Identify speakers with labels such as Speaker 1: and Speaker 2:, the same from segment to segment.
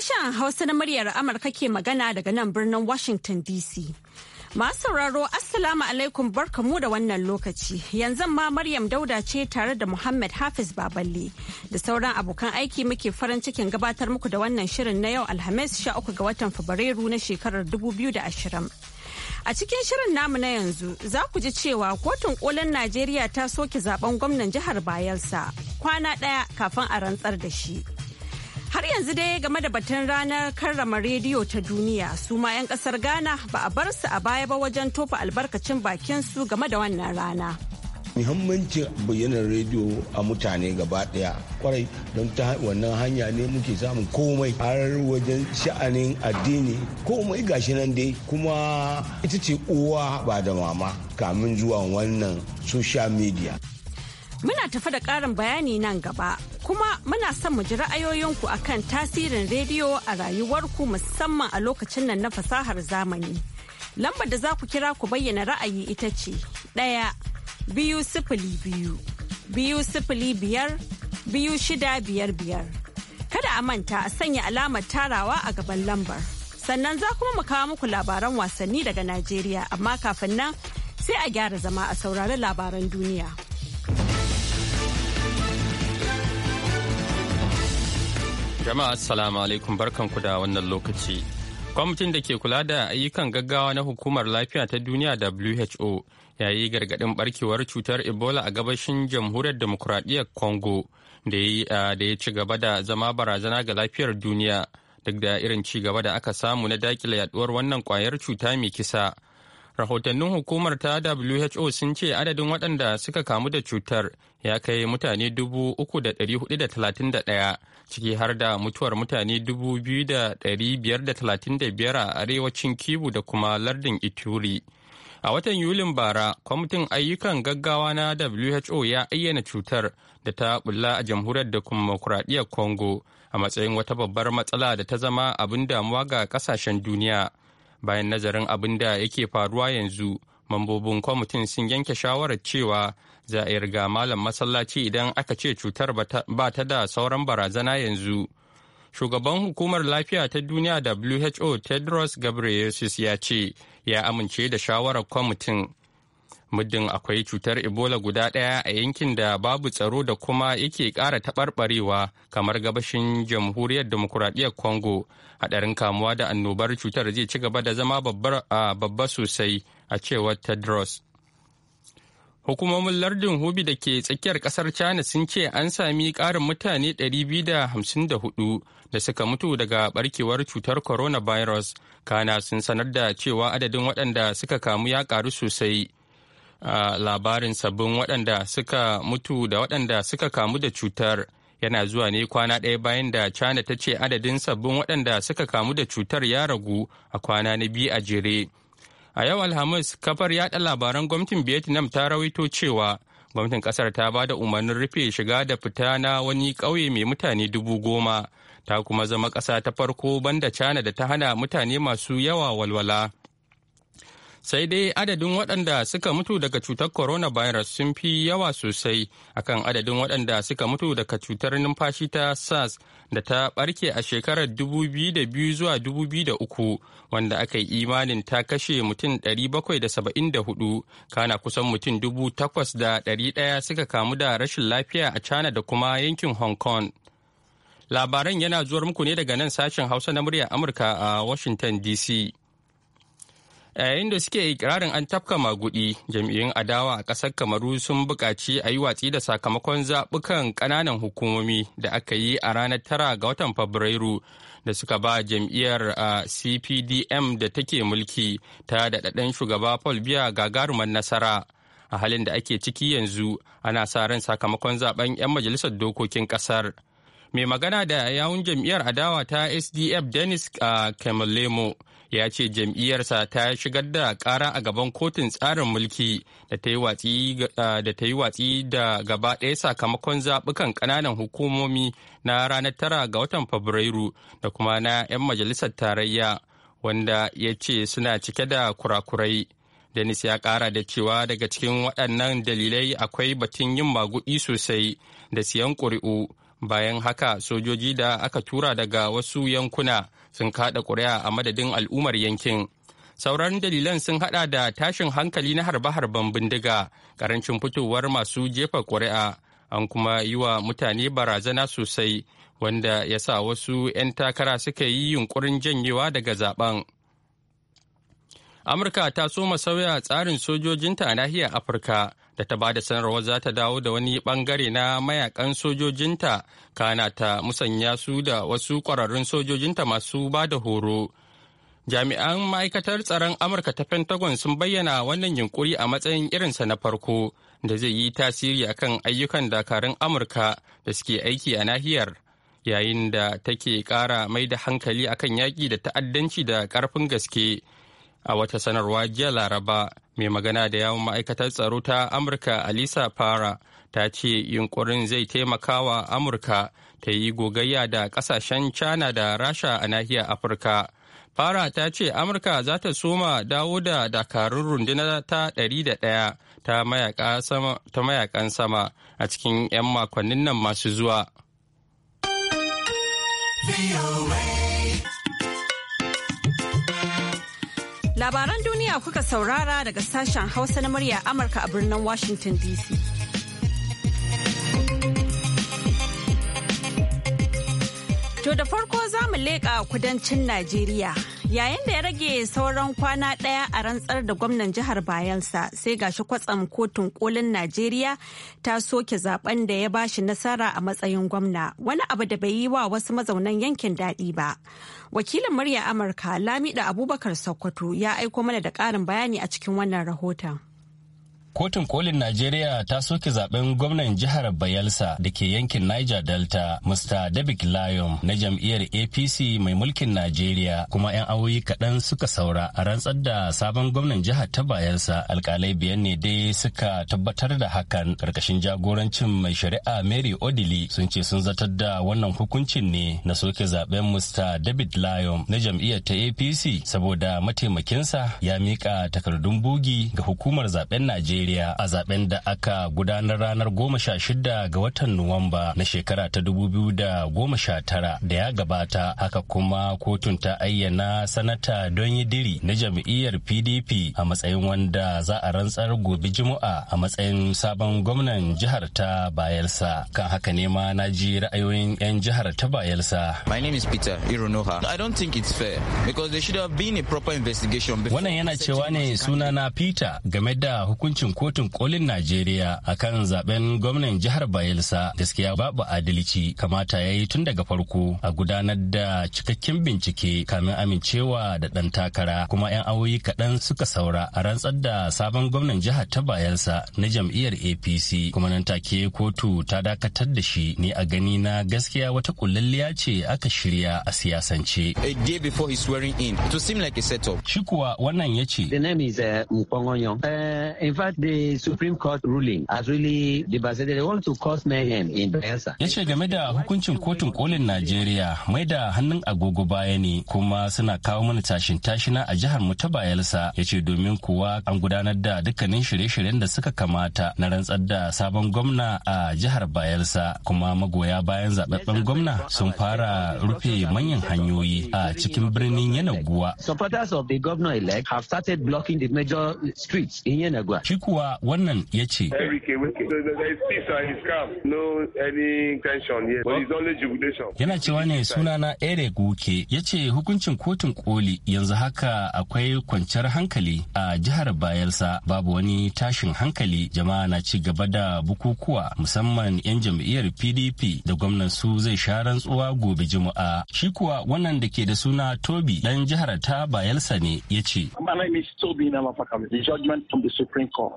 Speaker 1: Sashen Hausa na muryar Amurka ke magana daga nan birnin Washington DC. Masu sauraro Assalamu alaikum mu, da wannan lokaci. Yanzu ma Maryam Dauda ce tare da Muhammad Hafiz Baballe da sauran abokan aiki muke farin cikin gabatar muku da wannan shirin na yau Alhamis 13 ga watan Fabrairu na shekarar 2020. A cikin shirin namu na yanzu za ku ji cewa kotun kolin Najeriya ta soke zaben gwamnan jihar Bayelsa kwana ɗaya kafin a rantsar da shi. Har yanzu dai game da batun ranar karrama rediyo ta duniya su ma 'yan kasar Ghana ba a bar su a baya ba wajen tofa albarkacin bakin su game da wannan rana.
Speaker 2: muhimmancin bayyanar rediyo a mutane gaba daya kwarai don ta wannan hanya ne muke samun komai har wajen sha'anin addini komai gashi nan dai kuma ita ce uwa ba da mama kamin zuwa wannan social media.
Speaker 1: Muna tafi da ƙarin bayani nan gaba. Kuma muna son mu ji ra'ayoyinku akan tasirin rediyo a rayuwarku musamman a lokacin nan na fasahar zamani. Lambar da za ku kira ku bayyana ra'ayi ita ce ɗaya biyu sifili biyu biyu sifili biyar biyu shida biyar biyar. Kada a manta a sanya alamar tarawa a gaban lambar. Sannan za kuma mu kawo muku labaran wasanni daga Najeriya amma kafin nan sai a gyara zama a saurari labaran duniya.
Speaker 3: Jama'a assalamu alaikum barkanku da wannan lokaci. Kwamitin da ke kula da ayyukan gaggawa na hukumar lafiya ta duniya WHO ya yi gargaɗin barkewar cutar Ebola a gabashin jamhuriyar demokuraɗiyyar Congo da ya ci gaba da zama barazana ga lafiyar duniya duk da irin ci gaba da aka samu na dakile yaduwar wannan kwayar cuta mai kisa. rahotannin hukumar ta who sun ce adadin waɗanda suka kamu da cutar ya kai mutane 3,431 ciki har da mutuwar mutane 2,535 a arewacin kibu da kuma lardin ituri a watan yulin bara kwamitin ayyukan gaggawa na who ya ayyana cutar da ta bulla a jamhuriyar da demokuraɗiyyar congo a matsayin wata babbar matsala da ta zama abin damuwa ga ƙasashen duniya. bayan nazarin abin da yake faruwa yanzu mambobin kwamitin sun yanke shawarar cewa za a riga malam masallaci idan aka ce cutar ba ta da sauran barazana yanzu shugaban hukumar lafiya ta duniya who tedros gabriel ya ce ya amince da shawarar kwamitin muddin akwai cutar ebola guda ɗaya a yankin da babu tsaro da kuma yake ƙara taɓarɓarewa kamar gabashin jamhuriyar demokuraɗiyyar congo haɗarin kamuwa da annobar cutar zai ci gaba da zama babba sosai a cewar tedros hukumomin lardin hubi da ke tsakiyar ƙasar china sun ce an sami ƙarin mutane 254 da suka mutu daga barkewar cutar coronavirus kana sun sanar da cewa adadin waɗanda suka kamu ya ƙaru sosai labarin sabbin waɗanda suka mutu da waɗanda suka kamu da cutar yana zuwa ne kwana ɗaya bayan da china ta ce adadin sabbin waɗanda suka kamu da cutar ya ragu a kwana na biyu a jere a yau alhamis kafar yaɗa labaran gwamnatin vietnam ta rawaito cewa gwamnatin ƙasar ta ba da umarnin rufe shiga da fita na wani ƙauye mai mutane dubu goma ta kuma zama ƙasa ta farko banda china da ta hana mutane masu yawa walwala sai dai adadin waɗanda suka mutu daga cutar coronavirus sun fi yawa sosai akan adadin waɗanda suka mutu daga cutar numfashi ta sars da ta ɓarke a shekarar 2002 zuwa 2003 wanda aka yi imanin ta kashe mutum 774 kana kusan mutum 8,100 suka kamu da rashin lafiya a china da kuma yankin hong kong labaran yana zuwar muku ne daga nan sashen hausa na murya amurka a washington dc yayin da suke ikirarin an tafka magudi jam'iyyun adawa a ƙasar kamaru sun buƙaci a yi watsi da sakamakon zaɓukan ƙananan hukumomi da aka yi a ranar tara ga watan fabrairu da suka ba jam'iyyar cpdm da take mulki ta daɗaɗɗen shugaba paul biya gagarumar nasara a halin da ake ciki yanzu ana sa ran sakamakon zaben 'yan majalisar dokokin ƙasar mai magana da yawun jam'iyyar adawa ta sdf dennis kamalemo ya ce jam'iyyarsa ta shigar da ƙara a gaban kotun tsarin mulki da ta yi watsi da gaba ɗaya sakamakon zaɓukan ƙananan hukumomi na ranar tara ga watan fabrairu da kuma na 'yan majalisar tarayya wanda ya ce suna cike da kurakurai denis ya ƙara da cewa daga cikin waɗannan dalilai akwai batun yin maguɗi sosai da siyan ƙuri'u bayan haka sojoji da aka tura daga wasu yankuna sun kada ƙuri'a a madadin al'ummar yankin sauran dalilan sun hada da tashin hankali na harbe-harben bindiga karancin fitowar masu jefa ƙuri'a an kuma yi wa mutane barazana sosai wanda ya sa wasu 'yan takara suka yi yunkurin janyewa daga zaben amurka ta soma sauya tsarin sojojinta a nahiyar afirka da ta ba da sanarwar za ta dawo da wani bangare na mayakan sojojinta kana ta musanya su da wasu kwararrun sojojinta masu ba da horo jami'an ma'aikatar tsaron amurka ta pentagon sun bayyana wannan yunkuri a matsayin irinsa na farko da zai yi tasiri akan ayyukan dakarun amurka da suke aiki a nahiyar yayin da take kara mai da hankali akan yaƙi da ta'addanci da ƙarfin gaske a wata sanarwa jiya laraba mai magana da yawon ma'aikatar tsaro ta amurka alisa fara ta ce yunkurin zai taimaka wa amurka ta yi gogayya da ƙasashen china da rasha a nahiyar afirka fara ta ce amurka za ta soma dawo da dakarun runduna ta da ɗaya ta mayakan sama a cikin 'yan makonnin nan masu zuwa.
Speaker 1: Labaran duniya kuka saurara daga sashen Hausa na murya Amurka a birnin Washington DC. To da farko za mu leƙa kudancin Najeriya. Yayin da ya rage sauran kwana ɗaya a rantsar da gwamnan jihar Bayelsa sai gashi kwatsam kotun kolin Najeriya ta soke zaben da ya bashi nasara a matsayin gwamna wani abu da bai yi wa wasu mazaunan yankin daɗi ba. Wakilin murya Amurka Lamida Abubakar Sokoto ya aiko mana da ƙarin bayani a cikin wannan rahoton.
Speaker 4: Kotun kolin Najeriya ta soke zaben gwamnan jihar Bayelsa da ke yankin Niger Delta, Mr. David Lyon na jam'iyyar APC mai mulkin Najeriya kuma 'yan awoyi kaɗan suka saura a rantsar da sabon gwamnan jihar ta Bayelsa alkalai biyan ne dai suka tabbatar da hakan karkashin jagorancin mai shari'a Mary Odili sun ce sun zatar da wannan hukuncin ne na soke zaben Mr. David Lyon na jam'iyyar ta APC saboda mataimakinsa ya miƙa takardun bugi ga hukumar zaben Najeriya. Najeriya a zaben da aka gudanar ranar goma sha shida ga watan Nuwamba na shekara ta dubu biyu da goma sha tara da ya gabata haka kuma kotun ta ayyana sanata don yi diri na jam'iyyar PDP a matsayin wanda za a rantsar gobe Juma'a a matsayin sabon gwamnan jihar ta Bayelsa. Kan haka ne ma na ji ra'ayoyin 'yan jihar ta
Speaker 5: Bayelsa. My name is Peter Irunoha. I don't think it's fair because there should have been a proper investigation. Wannan yana cewa ne
Speaker 4: sunana Peter game da hukuncin kotun kolin najeriya akan zaben gwamnan jihar bayelsa gaskiya babu adalci kamata ya yi tun daga farko a gudanar da cikakken bincike kamin amincewa da ɗan takara kuma 'yan awoyi kaɗan suka saura a rantsar da sabon gwamnan jihar ta bayelsa na jam'iyyar apc kuma nan take kotu ta dakatar da shi ne a gani na gaskiya wata kullalliya ce aka shirya a siyasance
Speaker 5: a day before his swearing in to seem like a setup shi
Speaker 4: kuwa wannan ya ce the name is uh, Uh, in fact The Supreme Court ruling
Speaker 6: has really devastated. They want to cause mayhem in Bayelsa.
Speaker 4: Ya ce game da hukuncin kotun kolin Najeriya mai da hannun agogo baya ne kuma suna kawo mana tashin tashina a jihar mu ta Bayelsa. Ya ce domin kuwa an gudanar da dukkanin shirye-shiryen da suka kamata na rantsar da sabon gwamna a jihar Bayelsa kuma magoya bayan zababben gwamna sun fara rufe manyan hanyoyi a cikin birnin Yanaguwa.
Speaker 6: Supporters of the governor elect have started blocking the major streets in Yanaguwa. Shi kuwa
Speaker 4: wannan ya ce.
Speaker 2: Yana cewa ne
Speaker 4: sunana Eric Wuke ya ce hukuncin kotun koli yanzu haka akwai kwanciyar hankali a jihar bayelsa babu wani tashin hankali jama'a na ci gaba da bukukuwa musamman 'yan jam'iyyar pdp da gwamnan su zai sha rantsuwa gobe juma'a shi kuwa wannan da ke da suna tobi dan jihar ta bayelsa ne ya ce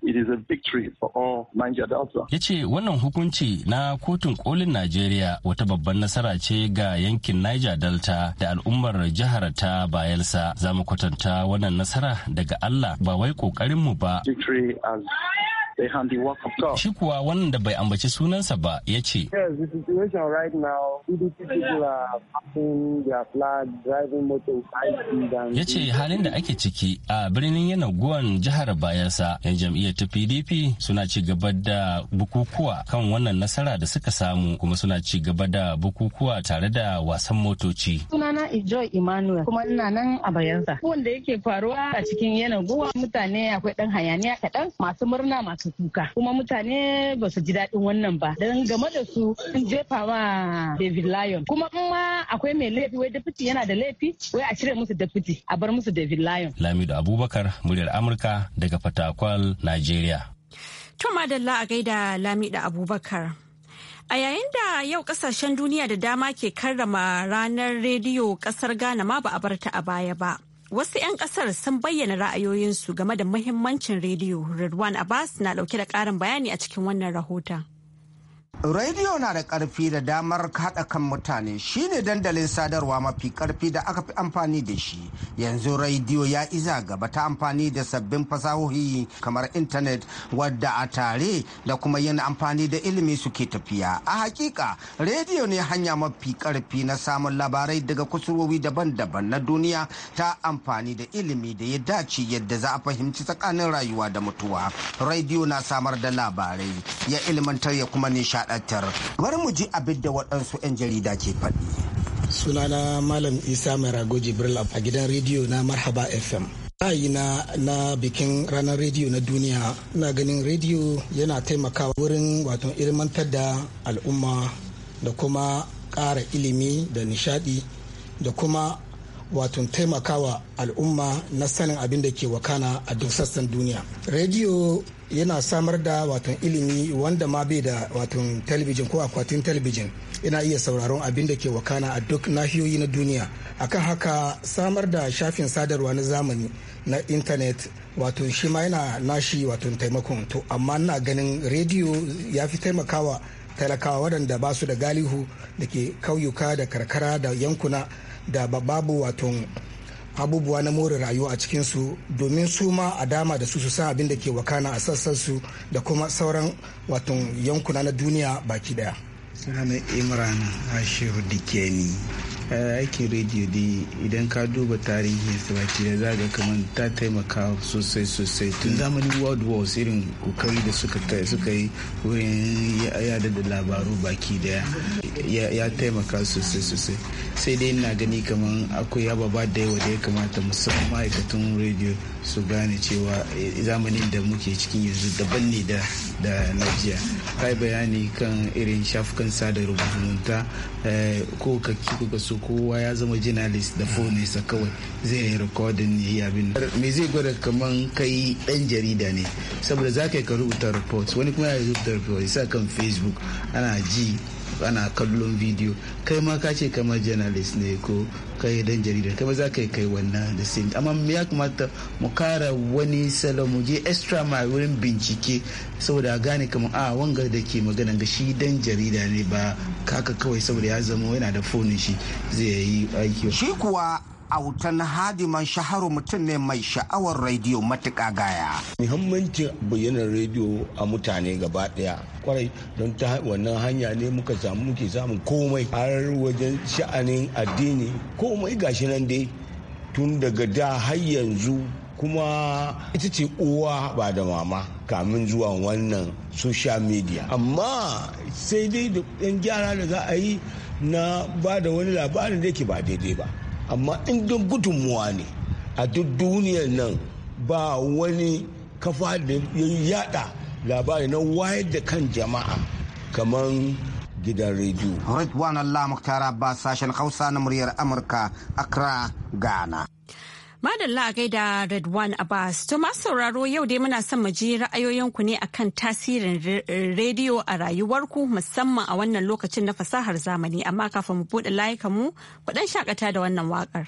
Speaker 7: It a victory for all Niger Delta.
Speaker 4: Ya ce wannan hukunci na kotun kolin Najeriya wata babban nasara ce ga yankin Niger Delta da al'ummar jihar ta Bayelsa. Za mu kwatanta wannan nasara daga Allah ba wai ƙoƙarinmu ba.
Speaker 5: Victory as the work of God.
Speaker 4: Shi kuwa wannan da bai ambaci sunansa ba ya ce. Yes,
Speaker 2: the situation right now, PDP people are passing their flag, driving motor, Ya ce
Speaker 4: halin da ake ciki a birnin Yanaguwan jihar Bayelsa, 'yan jam'iyyar ta PDP suna ci gaba da bukukuwa kan wannan nasara da suka samu kuma suna ci gaba da bukukuwa tare da wasan motoci.
Speaker 1: Sunana Ijoy Emmanuel kuma ina nan a Bayelsa. Wanda yake faruwa a cikin Yanaguwa mutane akwai dan hayaniya kaɗan masu murna masu su kuka kuma mutane ba su ji daɗin wannan ba don game da su sun jefa ma David lion kuma in ma akwai mai laifi wai dafiti yana da laifi wai a cire musu dafiti a bar musu David lion
Speaker 4: Lamido Abubakar muryar Amurka daga Fatakwal, Nigeria.
Speaker 1: To madalla a gaida Lamido Abubakar. A yayin da yau kasashen duniya da dama ke karrama ranar rediyo kasar Ghana ma ba a bar ta a baya ba. Wasu 'yan kasar sun bayyana ra'ayoyinsu game da muhimmancin rediyo. Ridwan Abbas na dauke da karin bayani a cikin wannan rahoton.
Speaker 8: Rediyo na da karfi da damar kaɗa kan mutane shine dandalin sadarwa mafi karfi da aka fi amfani da shi. Yanzu rediyo ya iza gaba ta amfani da sabbin fasahohi kamar intanet wadda a tare da kuma yin amfani da ilimi suke tafiya. A hakika rediyo ne hanya mafi karfi na samun labarai daga kusurwowi daban-daban na duniya ta amfani da ilimi da ya dace yadda za a fahimci tsakanin rayuwa da mutuwa. Rediyo na samar da labarai ya ilimantar ya kuma nishaɗi. wadatar bari mu ji abin da waɗansu 'yan jarida ke faɗi
Speaker 9: sunana malam isa mai rago jibril a gidan rediyo na marhaba fm ra'ayi na na bikin ranar rediyo na duniya na ganin rediyo yana taimakawa wurin wato ilmantar da al'umma da kuma ƙara ilimi da nishadi da kuma wato taimakawa al'umma na sanin abin da ke wakana a duk sassan duniya rediyo yana samar da watan ilimi wanda ma bai da watan talabijin ko akwatin talabijin ina iya sauraron abin da ke wakana a duk nahiyoyi na duniya akan haka samar da shafin sadarwa na zamani na intanet wato shi ma yana nashi wato taimakon to amma na ganin rediyo ya fi taimakawa talakawa waɗanda ba su da galihu da ke kauyuka da karkara da yankuna da babu wato abubuwa na more rayuwa a cikinsu domin su ma a dama da su su san abin da ke wakana a sassan su da kuma sauran wato yankuna na duniya baki daya.
Speaker 5: sunana imran ashiru dikeni aikin rediyo dai idan ka duba tarihi baki da zaga kamar ta taimaka sosai sosai tun zamanin world wars irin kokari da suka suka yi wurin yada da labaru baki daya ya taimaka sosai sosai sai dai ina gani kamar akwai ba da yawa da ya kamata musamman ma'aikatan rediyo su gane cewa eh, zamanin da muke cikin yanzu daban ne da da najiya kai bayani kan irin shafukan sada rubutunta eh, ko ka kiko so kowa ya zama journalist da fonesa kawai zai rikodin ya yi me zai gwada kaman kai dan jarida ne saboda za ka yi ka rubuta report wani kuma ya rubuta report isa kan facebook ana ji ana kallon video kai ma ka ce kamar journalist ne ko kai dan jarida kai za ka kai wannan da sin amma ya kamata mu kara wani salo mu je extra ma wurin bincike saboda gane kamar a ah, wanga da ke magana ga shi dan jarida ne ba kaka kawai saboda ya zama yana da fonin shi zai yi aiki shi kuwa autan hadiman shaharu mutum ne mai
Speaker 8: sha'awar rediyo matuƙa gaya.
Speaker 2: Muhimmancin bayyanar rediyo a mutane gaba ɗaya kwarai don ta wannan hanya ne muka samu muke samun komai har wajen sha'anin addini komai gashi nan dai tun daga da har yanzu kuma ita ce uwa ba da mama kamin zuwa wannan social media amma sai dai da ɗan gyara da za a yi na ba da wani labarin da yake ba daidai ba amma in don gudunmuwa ne a duk duniyar nan ba wani kafa da ya yada labari na wayar da
Speaker 8: kan jama'a kamar gidan rediyo. Ridwan Allah ba Abbas sashen Hausa na muryar Amurka, Accra, Ghana.
Speaker 1: Madalla a gaida Redwan Abbas, to masu sauraro yau dai muna son mu ji ra'ayoyinku ne akan tasirin rediyo a rayuwarku musamman a wannan lokacin na fasahar zamani amma kafin mu buɗe layukanmu ku ɗan shakata da wannan waƙar.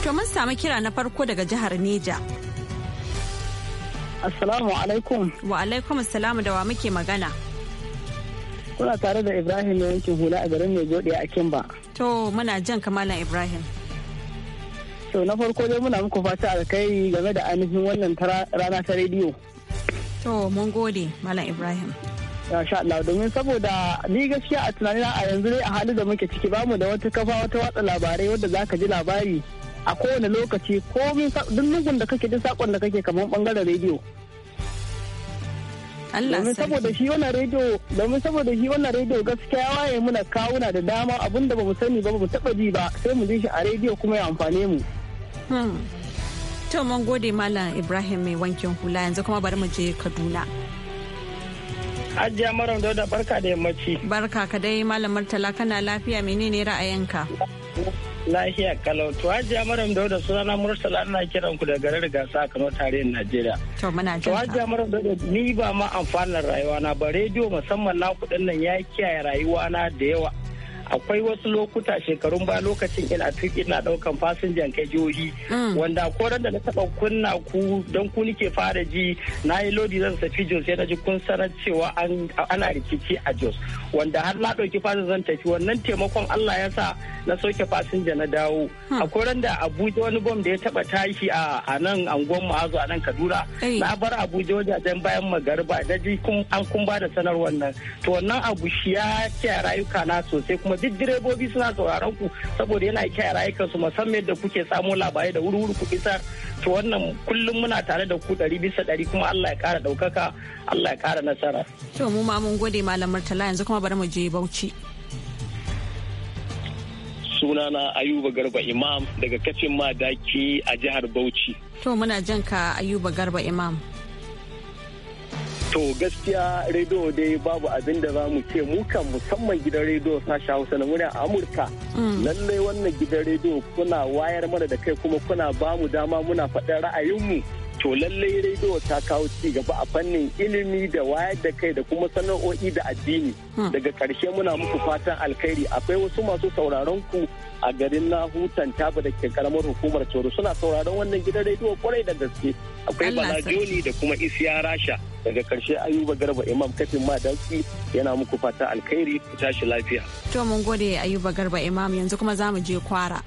Speaker 1: To mun samu kira na farko daga jihar Neja. Assalamu alaikum. Wa alaikum assalamu da wa muke magana.
Speaker 6: Kuna tare da Ibrahim ne yankin hula a garin Mai Jodi a Kimba.
Speaker 1: To muna jan kamalan Ibrahim. To na farko dai muna muku fata kai game da
Speaker 6: ainihin wannan rana ta rediyo.
Speaker 1: To mun gode Malam Ibrahim.
Speaker 6: Masha Allah domin saboda ni gaskiya a tunanina a yanzu ne a halin da muke ciki bamu da wata kafa wata watsa labarai wadda za ka ji labari a kowane lokaci komin duk lungun da kake duk sakon da kake kamar bangaren rediyo domin saboda shi wannan rediyo domin saboda shi wannan rediyo gaskiya waye muna kawuna da dama abinda bamu sani ba bamu taba ji ba sai mu ji shi a rediyo kuma ya amfane mu
Speaker 1: hmm. to gode malam Ibrahim mai wankin hula yanzu kuma bari mu je Kaduna Hajiya
Speaker 6: Maram Dauda barka da yammaci.
Speaker 1: Barka ka dai Malam Murtala kana lafiya menene ra'ayinka?
Speaker 6: Lahiya kalau to Hajiya Maryam Dauda sunana Murtala ana kiran ku da garin gasa kamar tarihin Najeriya. To muna jin. To ni ba ma amfanin rayuwa na ba rediyo musamman na kudin nan ya kiyaye rayuwa na da yawa akwai wasu lokuta shekarun ba lokacin ina tuki ina daukan fasinjan kai jihohi mm. wanda ko da na taba kunna ku don ku nike fara ji na yi lodi zan tafi jos sai na ji kun sanar cewa ana rikici a jos wanda har na dauki fasinjan tafi wannan taimakon Allah ya sa na soke fasinja na dawo hmm. a koran da Abuja wani bom da ya taba tashi a nan angon ma'azu a nan Kaduna na bar Abuja wajajen bayan magarba da ji an kun ba da sanarwar wannan. to wannan abu shi ya rayuka na sosai kuma duk direbobi suna sauraron ku saboda yana kiyaye su musamman yadda kuke samo labarai da wuri-wuri ku isar to wannan kullum muna tare da ku ɗari bisa ɗari kuma Allah ya ƙara ɗaukaka Allah ya kara nasara.
Speaker 1: To mu ma mun gode Malam Murtala yanzu kuma bari mu je Bauchi.
Speaker 6: Sunana Ayuba Garba Imam daga kacin madaki a jihar Bauchi.
Speaker 1: To muna jan ka Ayuba Garba Imam.
Speaker 6: To gaskiya rediyo dai babu abin da za mu ce kan musamman gidan rediyo sashen Hausa na muryar Amurka. Mm. Lallai wannan gidan rediyo kuna wayar mana da kai kuma kuna ba mu dama muna faɗin ra'ayinmu to lallai rediyo ta kawo ci gaba a fannin ilimi da wayar da kai da kuma sana'o'i da addini hmm. daga karshe muna muku fatan alkhairi akwai wasu masu sauraron ku a garin na hutan taba da ke karamar hukumar coro suna sauraron wannan gidan rediyo kwarai da gaske akwai balajoni da kuma isiya rasha daga karshe ayuba garba imam kafin madaki yana muku fatan alkhairi ku tashi lafiya
Speaker 1: to mun gode ayuba garba imam yanzu kuma za je kwara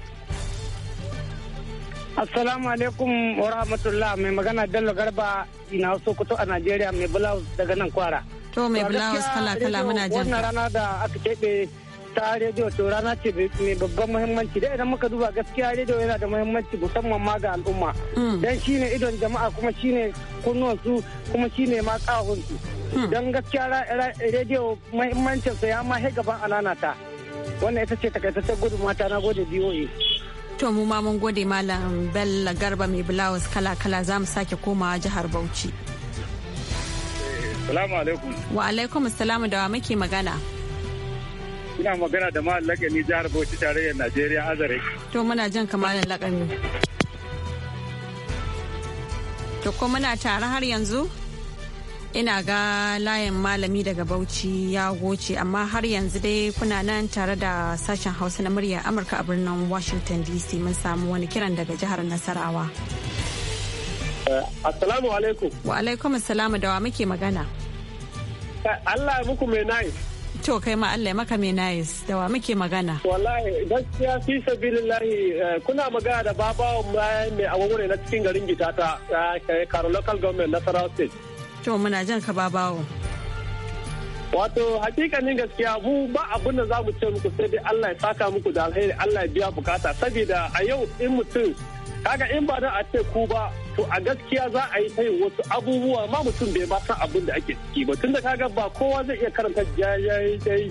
Speaker 1: Assalamu alaikum
Speaker 6: wa rahmatullah mai magana Bello Garba ina Sokoto a Najeriya mai blouse daga nan kwara.
Speaker 1: To mai blouse kala kala muna jin. Wannan rana
Speaker 6: da aka keɓe ta rediyo to rana ce mai babban muhimmanci da idan muka duba gaskiya rediyo yana da muhimmanci musamman ma ga al'umma. Hmm. Dan shine idon jama'a kuma shine kunnuwan su kuma shine ma kahun su. Hmm. Dan gaskiya rediyo sa ya ma gaban ananata. Wannan ita ce takaitaccen gudunmata na gode
Speaker 1: BOA. To mu ma mun gode Malam Bello Garba mai blouse kala-kala za mu sake komawa jihar Bauchi.
Speaker 2: Salamu alaikum.
Speaker 1: Wa alaikum salamu da wa muke magana.
Speaker 2: Ina magana da Malam Lakani jihar Bauchi tarayyar Najeriya Azare.
Speaker 1: To muna jan kamalin Lakani. To ko muna tare har yanzu? ina ga layin malami daga bauchi ya goce amma har yanzu dai kuna nan tare da sashen hausa na murya amurka a birnin washington dc mun samu wani kiran daga jihar nasarawa
Speaker 10: eh,
Speaker 6: assalamu alaikum
Speaker 1: wa alaikum assalamu da wa muke magana eh, allah muku mai nice to kai ma allah maka mai na'is da wa muke magana wallahi gaskiya fi
Speaker 6: sabilillahi eh, kuna magana da babawan mai agwagware na cikin garin gitata karo local government nasarawa state
Speaker 1: To muna jan ka bawo
Speaker 6: Wato hakikanin gaskiya mu ba abin da za mu ce muku sai dai Allah ya saka muku da alheri Allah ya biya bukata saboda a yau in mutum kaga in ba a ce ku ba to a gaskiya za a yi ta yin wasu abubuwa ma mutum bai ba san abin da ake ciki ba tunda kaga ba kowa zai iya karanta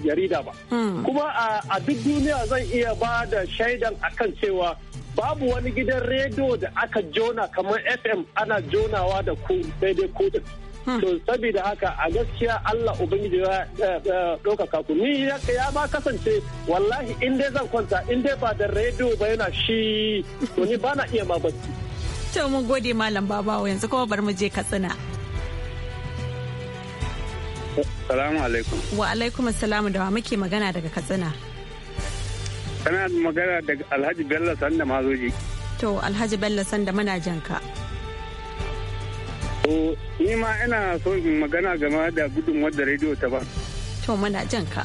Speaker 6: jarida ba hmm. kuma a duk duniya zan iya ba da shaidan akan cewa babu wani gidan rediyo da aka jona kamar fm ana jonawa da ku sai dai ku to saboda haka a gaskiya Allah ubangiji ya ɗaukaka ku ni ya ba kasance wallahi in dai zan kwanta in dai ba da rediyo ba yana shi to ni ba na iya ma bacci
Speaker 1: to mun gode malam babawo yanzu kuma bar mu je katsina
Speaker 2: Salamu alaikum.
Speaker 1: Wa alaikum assalamu da wa muke magana daga Katsina.
Speaker 2: Kana magana daga Alhaji Bello Sanda Mazoji.
Speaker 1: To Alhaji Bello Sanda muna janka. ka.
Speaker 2: Eh, ni ma ina so in magana game da gudun wadda rediyo ta ba.
Speaker 1: To, muna jan ka.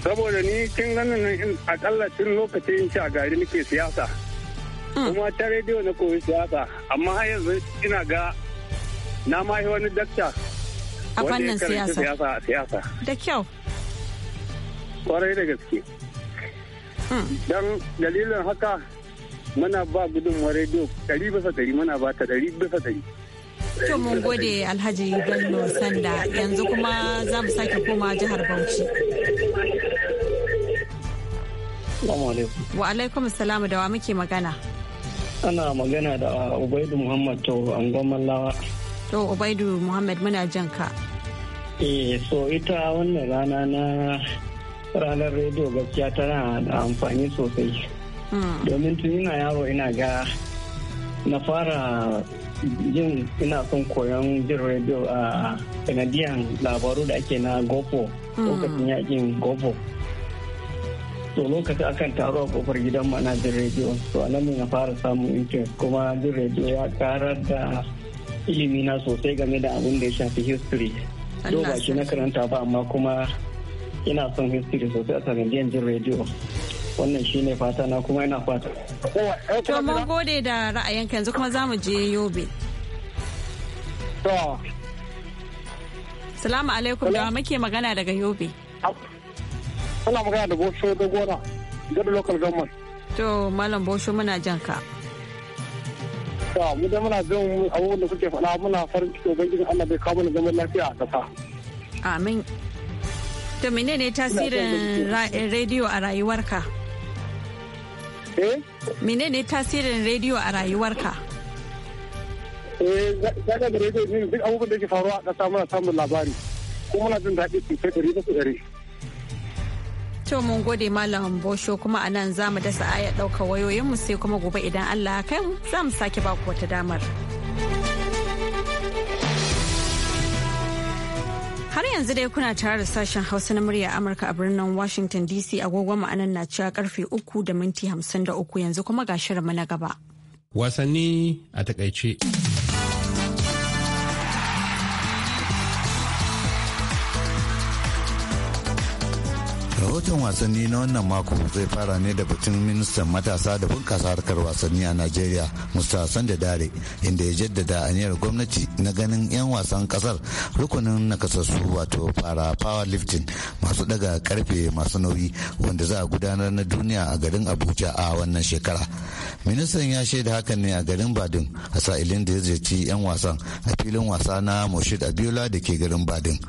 Speaker 2: Saboda ni kin ganin nan akalla tun lokacin ci a gari nake siyasa. Mm. Kuma ta rediyo na koyi siyasa, amma har yanzu ina ga na ma wani dakta.
Speaker 1: A fannin siyasa. siyasa. Da kyau.
Speaker 2: Kwarai da gaske. Mm. Don dalilin haka muna ba gudunmuwar rediyo ɗari bisa ɗari muna ba ta ɗari bisa ɗari.
Speaker 1: To mun gode Alhaji Bello Sanda yanzu kuma za mu sake koma jihar Bauchi. Wa alaikum salamu da wa muke magana.
Speaker 6: Ana magana da Ubaidu Muhammad to angon lawa.
Speaker 1: To Ubaidu Muhammad muna jan ka.
Speaker 6: Eh so ita wannan rana na ranar rediyo gaskiya tana da amfani sosai. domin tun ina yaro ina ga na fara yin ina son koyon jin rediyo a sanadiyan labaru da ake na gofo mm. lokacin yakin gofo to lokacin akan taro a kofar gidan mana jin rediyo to a nan na fara samun interest kuma jin rediyo ya karar da na sosai game da abin da ya shafi history
Speaker 5: do ba shi na karanta
Speaker 6: ba amma kuma ina son history sosai a sanadiyan jin rediyo wannan shi ne fata na kuma yana fata
Speaker 1: to mun gode da ra'ayin yanzu kuma za mu je yobe to salamu alaikum da muke magana daga yobe
Speaker 6: ana magana da bosho da gona
Speaker 1: gada local government to malam bosho muna jan ka
Speaker 6: to mu da muna jin abubuwan da suke faɗa muna farin ciki ubangijin Allah bai kawo mana zaman lafiya a ƙasa
Speaker 1: amin to menene tasirin rediyo a rayuwarka Eh? ne tasirin rediyo a rayuwarka
Speaker 6: eh daga da rediyo ne duk abubuwan da ke faruwa a ƙasa muna samun labari kuma muna jin
Speaker 10: daɗi sosai ɗari da
Speaker 1: to mun gode malam bosho kuma a nan za mu dasa aya ɗaukar wayoyinmu sai kuma gobe idan allah ya kai za mu sake baku wata damar. Har yanzu dai kuna tare da sashen Hausa na murya Amurka a birnin Washington DC agogon ma'anan na cewa karfe uku da minti hamsin da uku yanzu kuma ga shirin na gaba.
Speaker 3: Wasanni a takaice.
Speaker 7: rahoton wasanni na wannan mako zai fara ne da batun ministan matasa da bunkasa harkar wasanni a najeriya musta sanda dare inda ya jaddada aniyar gwamnati na ganin 'yan wasan kasar rukunin nakasassu wato fara power masu daga karfe masu nauyi wanda za a gudanar na duniya a garin abuja a wannan shekara ministan ya shaida hakan ne a garin badin a sa'ilin da ya ziyarci 'yan wasan a filin wasa na moshid abiola da ke garin badin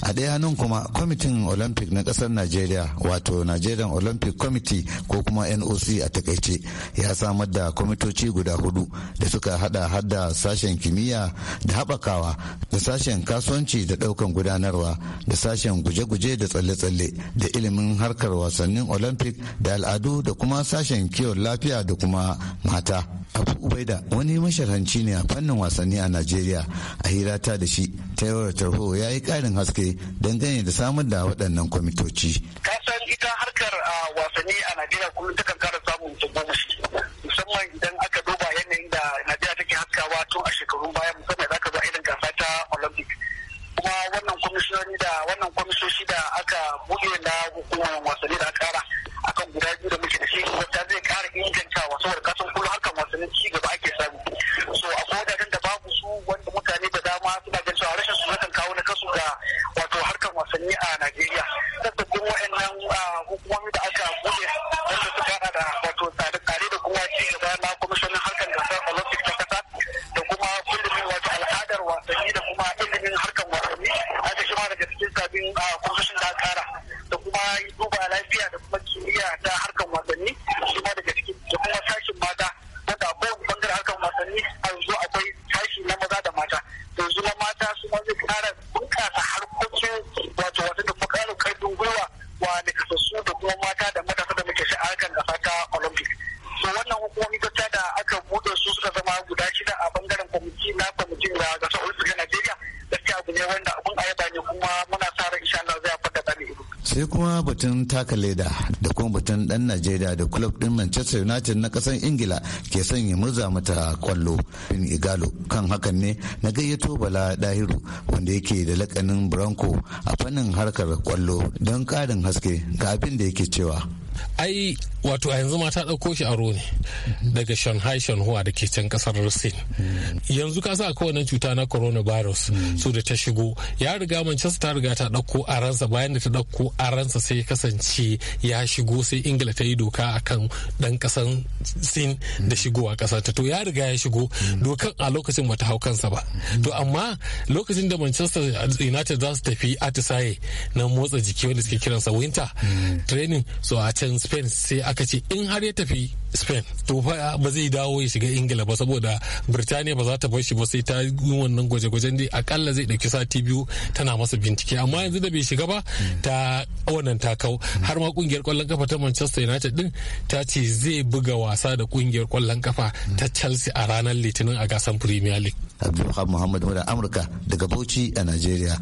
Speaker 7: a ɗaya hannun kuma kwamitin olympic na ƙasar najeriya wato nigerian olympic committee ko kuma noc a takaice ya samar da kwamitoci guda hudu da suka hada hada sashen kimiyya da haɓakawa da sashen kasuwanci da ɗaukan gudanarwa da sashen guje-guje da tsalle-tsalle da ilimin harkar wasannin olympic da al'adu da kuma sashen kiwon lafiya da kuma mata Abu Ubaida wani masharhanci ne a fannin wasanni a Najeriya a hira ta da shi ta yawar tarho ya yi ƙarin haske dangane da samun da waɗannan kwamitoci.
Speaker 5: Kasan ita harkar wasanni a Najeriya
Speaker 6: kullum ta kara samun tagomashi musamman idan aka duba yanayin da Najeriya take haskawa tun a shekarun baya musamman za ka zo irin gasa ta Olympic. Kuma wannan kwamishinoni da wannan kwamishoshi da aka buɗe na hukumar wasanni da aka kara akan guda biyu da muke da shi wata zai ƙara ingantawa
Speaker 7: batun taka leda da kuma batun dan najeriya da club din manchester united na kasan ingila ke sanya murza mata kwallo bin igalo kan hakan ne na gayyato bala dahiru wanda yake da lakanin branko a fannin harkar kwallo don karin haske ga abin da yake cewa
Speaker 3: ai wato a yanzu ma ta ɗauko shi aro ne daga shanghai shanhua da ke can kasar sin yanzu ka sa kowane cuta na coronavirus mm. su da ta shigo ya riga manchester ta riga ta ɗauko ransa bayan da ta ɗauko ransa sai kasance ya shigo sai ingila ta yi doka a kan dan kasar sin da shigowa ƙasar ta to ya riga ya shigo mm. dokan a lokacin bata hau kansa ba mm. to amma lokacin da manchester united za su tafi atisaye na motsa jiki wanda suke kiransa winter training so a can spain sai aka aka ce in har ya tafi spain to fa ba zai dawo ya shiga ingila ba saboda birtaniya ba za ta bar shi ba sai ta yi wannan gwaje-gwajen dai akalla zai ɗauki sati biyu tana masa bincike amma yanzu da bai shiga ba ta wannan takau har ma kungiyar kwallon kafa ta manchester united din ta ce zai buga wasa da kungiyar kwallon kafa ta chelsea a ranar litinin a gasar premier
Speaker 7: league abdulhamid muhammad amurka daga bauchi a nigeria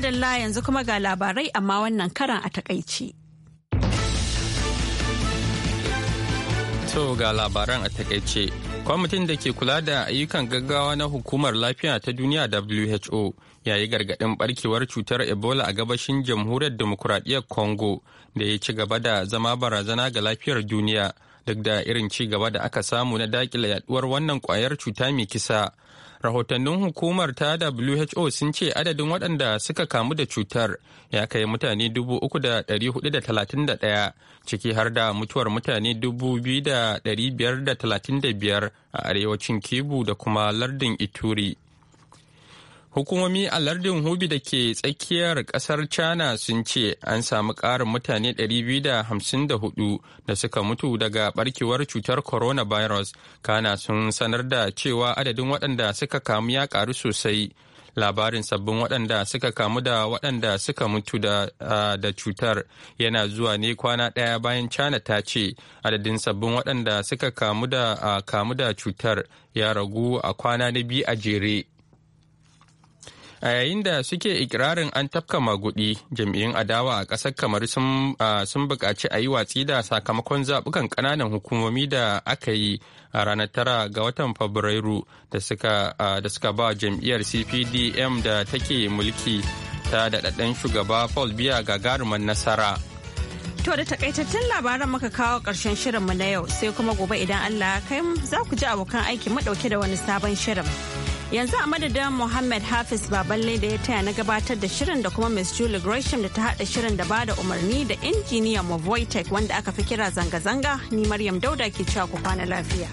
Speaker 1: madalla yanzu kuma ga labarai amma wannan karan a takaici.
Speaker 3: To ga labaran a takaice. Kwamitin da ke kula da ayyukan gaggawa na hukumar lafiya ta duniya WHO ya yi gargaɗin barkewar cutar Ebola a gabashin jamhuriyar demokuraɗiyyar Congo da ya ci gaba da zama barazana ga lafiyar duniya duk da irin ci gaba da aka samu na dakile yaduwar wannan kwayar cuta mai kisa. rahotannin hukumar ta who sun ce adadin waɗanda suka kamu da cutar ya kai mutane 3,431 ciki har da mutuwar mutane 2,535 a arewacin kibu da kuma lardin ituri Hukumomi a lardin Hubi da ke tsakiyar kasar China sun ce an samu ƙarin mutane 254 da suka mutu daga barkewar cutar coronavirus. Kana sun sanar da cewa adadin waɗanda suka kamu ya ƙaru sosai. Labarin sabbin waɗanda suka kamu da waɗanda suka mutu da, da cutar yana zuwa ne kwana ɗaya bayan China ta ce adadin sabbin waɗanda suka kamu da, kamu da cutar ya ragu a kwana na biyu a jere. a yayin da suke ikirarin an tafka magudi jam'iyyun adawa a ƙasar kamar sun buƙaci a yi watsi da sakamakon zaɓukan ƙananan hukumomi da aka yi a ranar tara ga watan fabrairu da suka ba jam'iyyar cpdm da take mulki ta daɗaɗɗen shugaba paul biya gagarumar nasara
Speaker 1: To da takaitattun labaran muka kawo ƙarshen shirinmu na yau sai kuma gobe idan Allah ya kai mu za ku ji abokan aiki mu ɗauke da wani sabon shirin. yanzu a madadin Muhammad Hafiz Baballe da ya taya na gabatar da shirin da kuma Miss Julie Gresham da ta hada shirin da bada umarni da injiniya Mavoitech wanda aka fi kira zanga-zanga ni Maryam Dauda ke cewa ku kwana lafiya.